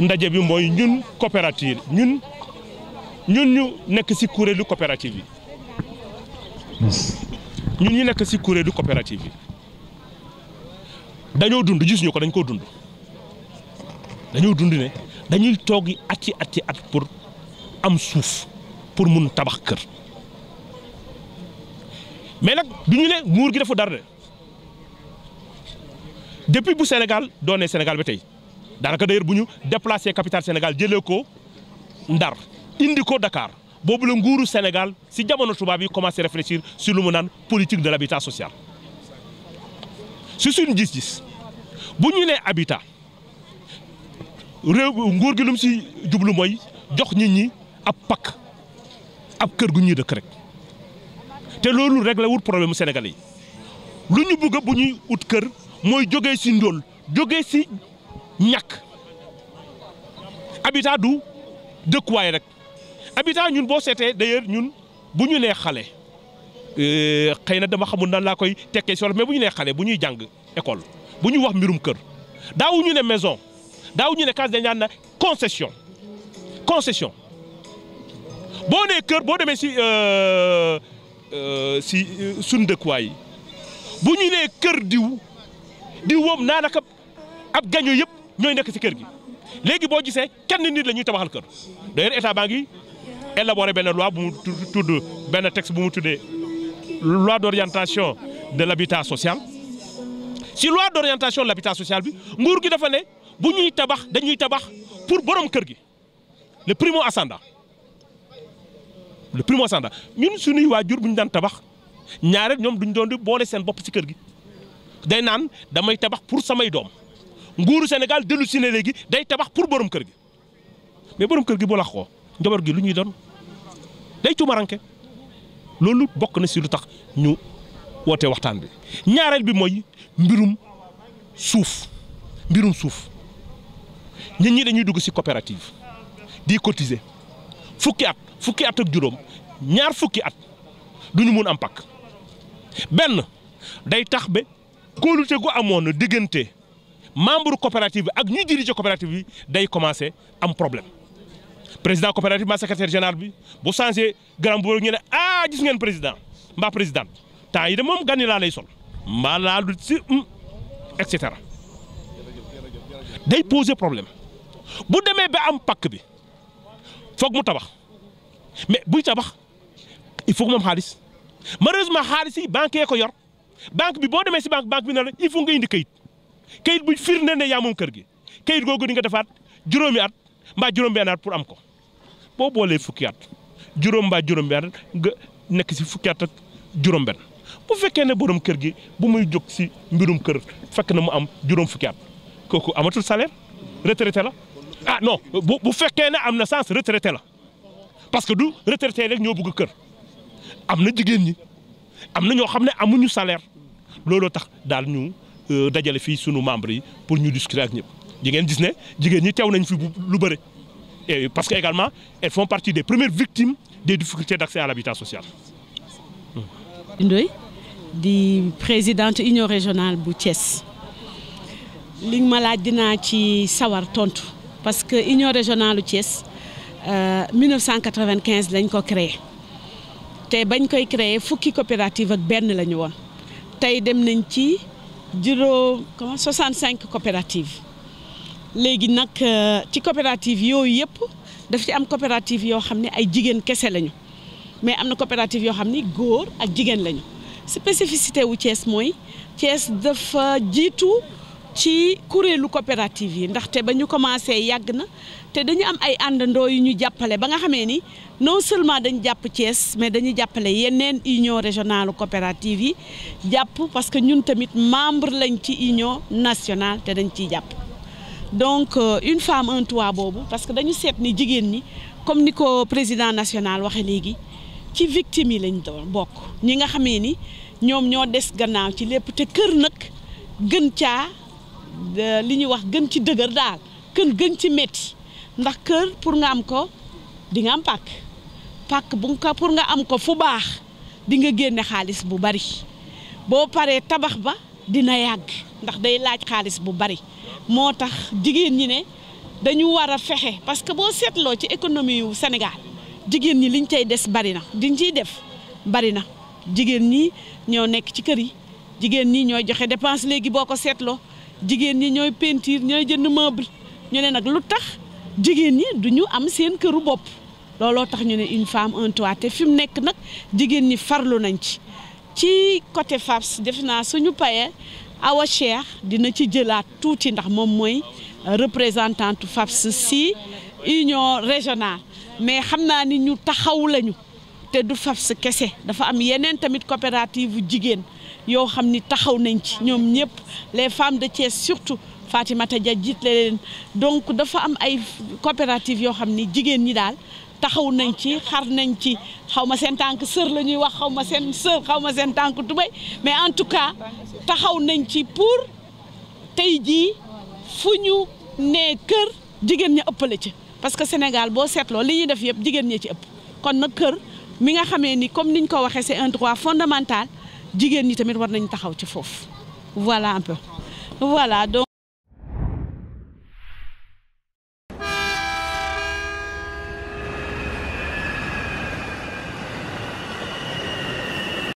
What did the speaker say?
ndaje bi mooy ñun coopérative ñun ñun ñu nekk si kuréelu coopérative yi ñun ñu nekk ci kuréelu coopérative yi dañoo dund gis ñu ko dañ koo dund dañoo dund ne dañuy toogi yi at ci at pour am suuf pour mun tabax kër mais nag duñu ñu ne nguur gi dafa dar de depuis bu senegal doonee Sénégal ba tey daanaka d'ailleurs bu ñu déplacé capitale Sénégal jëlee ko Ndar indi ko dakaar boobu la nguuru Sénégal si jamono tubaab yi commencé réfléchir si lu mu naan politique de l'habitat social si suñu gis-gis bu ñu nee habitat réew nguur gi lu mu si jublu mooy jox nit ñi ab pakk ab kër gu ñuy dëkk rek te loolu réglé wul problème mu Sénégalais lu ñu bëgg bu ñuy ut kër mooy jóge si ndóol jógee si. ñàkk habitat du dëkkuwaay rek habitat ñun boo seetee d'ailleurs ñun bu ñu nee xale euh, xëy na dama xamul nan laa koy tekkee si wolof mais bu ñu nee xale bu ñuy jàng école bu ñuy wax mbirum kër daawu ñu ne maison daawu ñu ne case dañ daan na concession concession boo nee kër boo demee si euh, euh, si suñu dëkkuwaay yi bu ñu nee kër diw diw moom naanaka ab gaño yëpp. ñooy nekk si kër gi léegi boo gisee kenn nit la ñuy tabaxal kër d'ailleurs état baa ngi élaboré benn loi bu mu tudd benn texte bu mu tuddee loi d'orientation de l'habitat social si loi d'orientation de l'habitat social bi nguur gi dafa ne bu ñuy tabax dañuy tabax pour borom kër gi le primo ascendant le primo ascendant ñun suñuy waajur bu ñu daan tabax ñaareel ñoom duñ doon di boole seen bopp si kër gi day naan damay tabax pour samay doom. nguuru Sénégal dellu si ne léegi day tabax pour borom kër gi mais borom kër gi bu lax ko njaboot gi lu ñuy doon day tuumaranke loolu bokk na si lu tax ñu woote waxtaan bi ñaareel bi mooy mbirum suuf mbirum suuf nit ñi dañuy dugg si coopérative di cotiser fukki at fukki at ak juróom ñaar fukki at du ñu mun am pàkk benn day tax ba kóolute gu amoon diggante. membre coopérative bi ak ñuy diriger coopérative bi day commencé am problème président coopérative ma secrétaire général bi bu changé grand bureau ñu ne ah gis ngeen président mbaa présidente temps yi de moom gan yi laa lay sol mbaa laa du si mm, et cetera day poser problème bu demee ba am pàkk bi foog mu tabax mais buy tabax il faut que moom xaalis malheureusement xaalis yi banque yee ko yor banque bi boo demee si banque banque bi ne la il faut nga indi kayit. kayit buy firnde ne yaa moom kër gi kayit googu di nga defaat juróomi at mbaa juróom-benn at pour am ko boo boolee fukki at juróom mbaa juróom-benn nga nekk si fukki at juróom-benn bu fekkee ne borom kër gi bu muy jóg si mbirum kër fekk na mu am juróom fukki at kooku amatul salaire retraité la ah non bu fekkee ne am na sens retraité la parce que du retraité rek ñoo bëgg kër am na jigéen ñi am na ñoo xam ne amuñu salaire looloo tax daal ñu. Euh, dajale fii sunu membre yi pour ñu discuter ak ñëpp di ngeen gis ne jigéen ñi teew nañ fi lu bëri parce que également elles font partie des premières victimes des difficultés d'accès à l'habitat social. Mmh. Ndoye di présidente union régionale bu cees li ma laaj ci sawar tontu parce que union régionale bu Thiès 1995 euh, lañ ko créé te bañ koy créé fukki coopérative ak benn la ñu woon tey dem nañ ci. juróom comment cinq coopératives léegi nag euh, ci coopérative yooyu yëpp daf ci am coopérative yoo xam ni ay jigéen kese lañu mais am na coopérative yoo xam ni góor ak jigéen lañu spécificité wu Thiès mooy Thiès dafa jiitu. ci kuréelu coopérative yi ndaxte ba ñu commencé yàgg na te dañu am ay àndandoo yu ñu jàppale ba nga xamee ni non seulement dañu jàpp cees mais dañu jàppale yeneen union régionale coopérative yi jàpp parce que ñun tamit membre lañ ci union nationale te dañ ciy jàpp donc euh, une femme un toit boobu parce que dañu seet ni jigéen ñi comme ni ko président national waxe léegi ci victime yi lañ doon bokk ñi nga xamee ni ñoom ñoo des gannaaw ci lépp te kër nag gën caa li ñuy wax gën ci dëgër daal kën gën ci métti ndax kër pour nga am ko dinga am pàkk pàkk bu nga pour nga am ko fu baax di nga génne xaalis bu bari boo paree tabax ba dina yàgg ndax day laaj xaalis bu bari moo tax jigéen ñi ne dañu war a fexe parce que boo seetloo ci économie wu senegal jigéen ñi liñ cay des bari na diñ ciy def bari na jigéen ñi ñoo nekk ci kër yi jigéen ñi ñooy joxe dépense léegi boo ko seetloo jigéen ñi ñooy peinture ñooy jënd meuble ñu ne nag lu tax jigéen ñi du ñu am seen këru bopp looloo tax ñu ne une femme un toit te fi mu nekk nag jigéen ñi farlu nañ ci ci côté FAPS def naa suñu payee Awa Cheikh dina ci jëlaat tuuti ndax moom mooy représentante FAPS si union régionale mais xam naa ni ñu taxaw lañu te du FAPS kese dafa am yeneen tamit coopérative jigéen yoo xam ni taxaw nañ ci ñoom ñëpp les femmes de Thiès surtout Fatimata Dia jiitle leen donc dafa am ay coopérative yoo xam ni jigéen ñi daal taxaw nañ ci xar nañ ci xaw ma seen tànk sër la ñuy wax xaw ma seen sër xaw ma seen tànk tubéy mais en tout cas taxaw nañ ci pour tey jii fu ñu nee kër jigéen ña ëppale ci parce que Sénégal boo seetloo li ñuy def yëpp jigéen ñee ci ëpp kon nag kër mi nga xamee ni comme ni ñu ko waxee en tout droit fondamental jigéen ñi tamit war nañ taxaw ci foofu voilà un peu voilà donc